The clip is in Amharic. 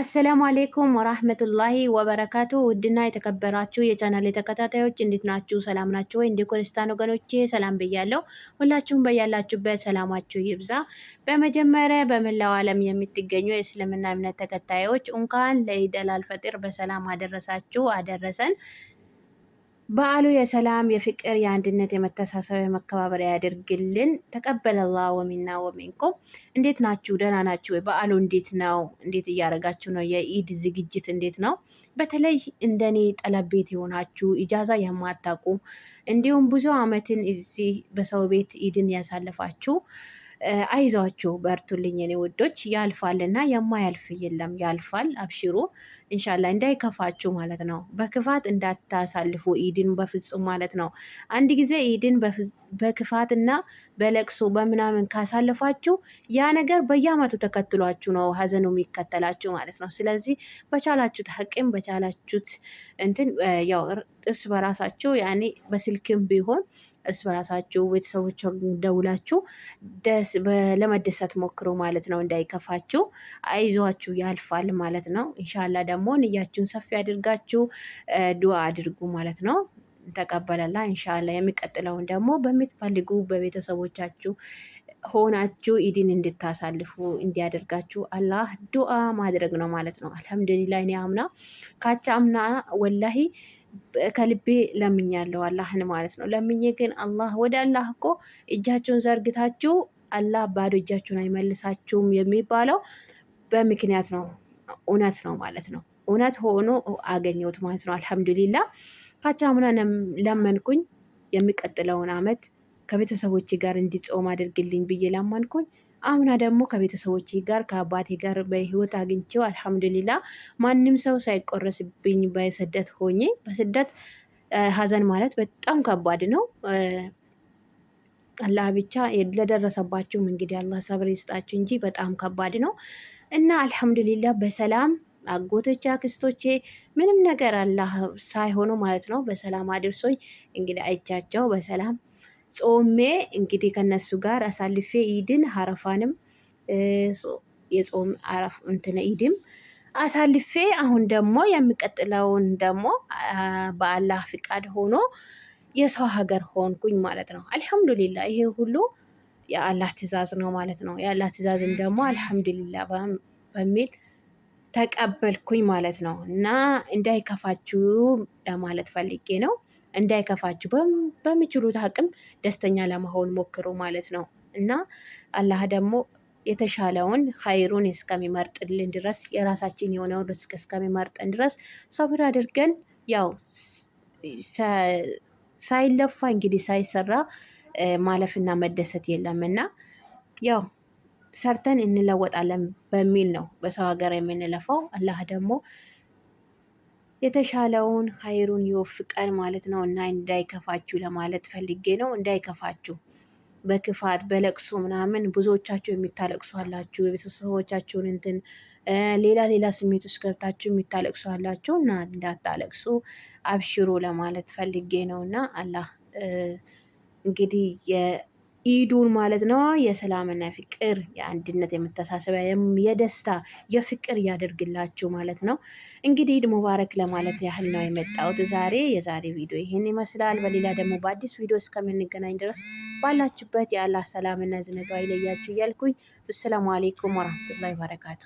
አሰላሙ አሌይኩም ወራህመቱላሂ ወበረካቱ። ውድና የተከበራችሁ የቻናል ተከታታዮች እንዴት ናችሁ? ሰላም ናችሁ ወይ? እንደ ክርስቲያን ወገኖቼ ሰላም ብያለሁ። ሁላችሁም በያላችሁበት ሰላማችሁ ይብዛ። በመጀመሪያ በመላው ዓለም የምትገኙ የእስልምና እምነት ተከታዮች እንኳን ለኢድ አል በሰላም አደረሳችሁ አደረሰን። በዓሉ የሰላም የፍቅር የአንድነት የመተሳሰብ የመከባበሪያ ያደርግልን። ተቀበለላ ወሚና ወሚንኩም። እንዴት ናችሁ? ደህና ናችሁ ወይ? በዓሉ እንዴት ነው? እንዴት እያደረጋችሁ ነው? የኢድ ዝግጅት እንዴት ነው? በተለይ እንደኔ ጠለብ ቤት የሆናችሁ ኢጃዛ የማታውቁ እንዲሁም ብዙ አመትን እዚህ በሰው ቤት ኢድን ያሳለፋችሁ አይዟችሁ፣ በርቱልኝ እኔ ውዶች። ያልፋልና የማያልፍ የለም ያልፋል። አብሽሩ እንሻላ እንዳይከፋችሁ ማለት ነው። በክፋት እንዳታሳልፉ ኢድን በፍጹም ማለት ነው። አንድ ጊዜ ኢድን በክፋትና በለቅሶ በምናምን ካሳለፋችሁ ያ ነገር በየአመቱ ተከትሏችሁ ነው ሀዘኑ የሚከተላችሁ ማለት ነው። ስለዚህ በቻላችሁት ሀቅም በቻላችሁት እንትን ያው እርስ በራሳቸው ያኔ በስልክም ቢሆን እርስ በራሳቸው ቤተሰቦች ደውላችሁ ለመደሰት ሞክሩ ማለት ነው። እንዳይከፋችሁ፣ አይዟችሁ፣ ያልፋል ማለት ነው። እንሻላ ደግሞ ንያችሁን ሰፊ አድርጋችሁ ዱዓ አድርጉ ማለት ነው። ተቀበለላ እንሻላ። የሚቀጥለውን ደግሞ በምትፈልጉ በቤተሰቦቻችሁ ሆናችሁ ኢድን እንድታሳልፉ እንዲያደርጋችሁ አላህ ዱዓ ማድረግ ነው ማለት ነው። አልሐምዱሊላ እኔ አምና ካቻ አምና ወላሂ ከልቤ ለምኛለሁ አላህን ማለት ነው። ለምኜ ግን አላህ ወደ አላህ እኮ እጃችሁን ዘርግታችሁ አላህ ባዶ እጃችሁን አይመልሳችሁም የሚባለው በምክንያት ነው፣ እውነት ነው ማለት ነው። እውነት ሆኖ አገኘሁት ማለት ነው። አልሐምዱሊላ ካቻምና ለመንኩኝ የሚቀጥለውን አመት ከቤተሰቦች ጋር እንዲጾም አድርግልኝ ብዬ ለመንኩኝ። አምና ደግሞ ከቤተሰቦች ጋር ከአባቴ ጋር በህይወት አግኝቼው አልሐምዱሊላ ማንም ሰው ሳይቆረስብኝ በስደት ሆኜ በስደት ሀዘን ማለት በጣም ከባድ ነው። አላህ ብቻ ለደረሰባችሁም እንግዲህ አላህ ሰብር ይስጣችሁ እንጂ በጣም ከባድ ነው እና አልሐምዱሊላ በሰላም አጎቶቼ አክስቶቼ ምንም ነገር አላህ ሳይሆኑ ማለት ነው በሰላም አድርሶኝ እንግዲህ አይቻቸው በሰላም ጾሜ እንግዲህ ከነሱ ጋር አሳልፌ ኢድን አረፋንም የጾም አረፍ እንትነ ኢድም አሳልፌ አሁን ደግሞ የሚቀጥለውን ደግሞ በአላህ ፍቃድ ሆኖ የሰው ሀገር ሆንኩኝ ማለት ነው። አልሐምዱሊላ ይሄ ሁሉ የአላህ ትእዛዝ ነው ማለት ነው። የአላህ ትእዛዝን ደግሞ አልሐምዱሊላ በሚል ተቀበልኩኝ ማለት ነው። እና እንዳይከፋችሁ ለማለት ፈልጌ ነው። እንዳይከፋችሁ በሚችሉት አቅም ደስተኛ ለመሆን ሞክሩ ማለት ነው እና አላህ ደግሞ የተሻለውን ኸይሩን እስከሚመርጥልን ድረስ የራሳችን የሆነውን ርስቅ እስከሚመርጥን ድረስ ሰብር አድርገን ያው ሳይለፋ እንግዲህ ሳይሰራ ማለፍና መደሰት የለም እና ያው ሰርተን እንለወጣለን በሚል ነው በሰው ሀገር የምንለፋው። አላህ ደግሞ የተሻለውን ሀይሩን ይወፍቀን ማለት ነው እና እንዳይከፋችሁ ለማለት ፈልጌ ነው። እንዳይከፋችሁ በክፋት በለቅሶ ምናምን ብዙዎቻችሁ የሚታለቅሱ አላችሁ። የቤተሰቦቻችሁን እንትን ሌላ ሌላ ስሜት ውስጥ ገብታችሁ የሚታለቅሱ አላችሁ እና እንዳታለቅሱ አብሽሩ ለማለት ፈልጌ ነው እና አላህ እንግዲህ ኢዱን ማለት ነው የሰላምና ፍቅር የአንድነት የመተሳሰቢያ የደስታ የፍቅር እያደርግላችሁ ማለት ነው። እንግዲህ ኢድ ሙባረክ ለማለት ያህል ነው የመጣሁት ዛሬ። የዛሬ ቪዲዮ ይህን ይመስላል። በሌላ ደግሞ በአዲስ ቪዲዮ እስከምንገናኝ ድረስ ባላችሁበት የአላህ ሰላምና ዝነቱ ይለያችሁ እያልኩኝ አሰላሙ አሌይኩም ወራህመቱላሂ በረካቱ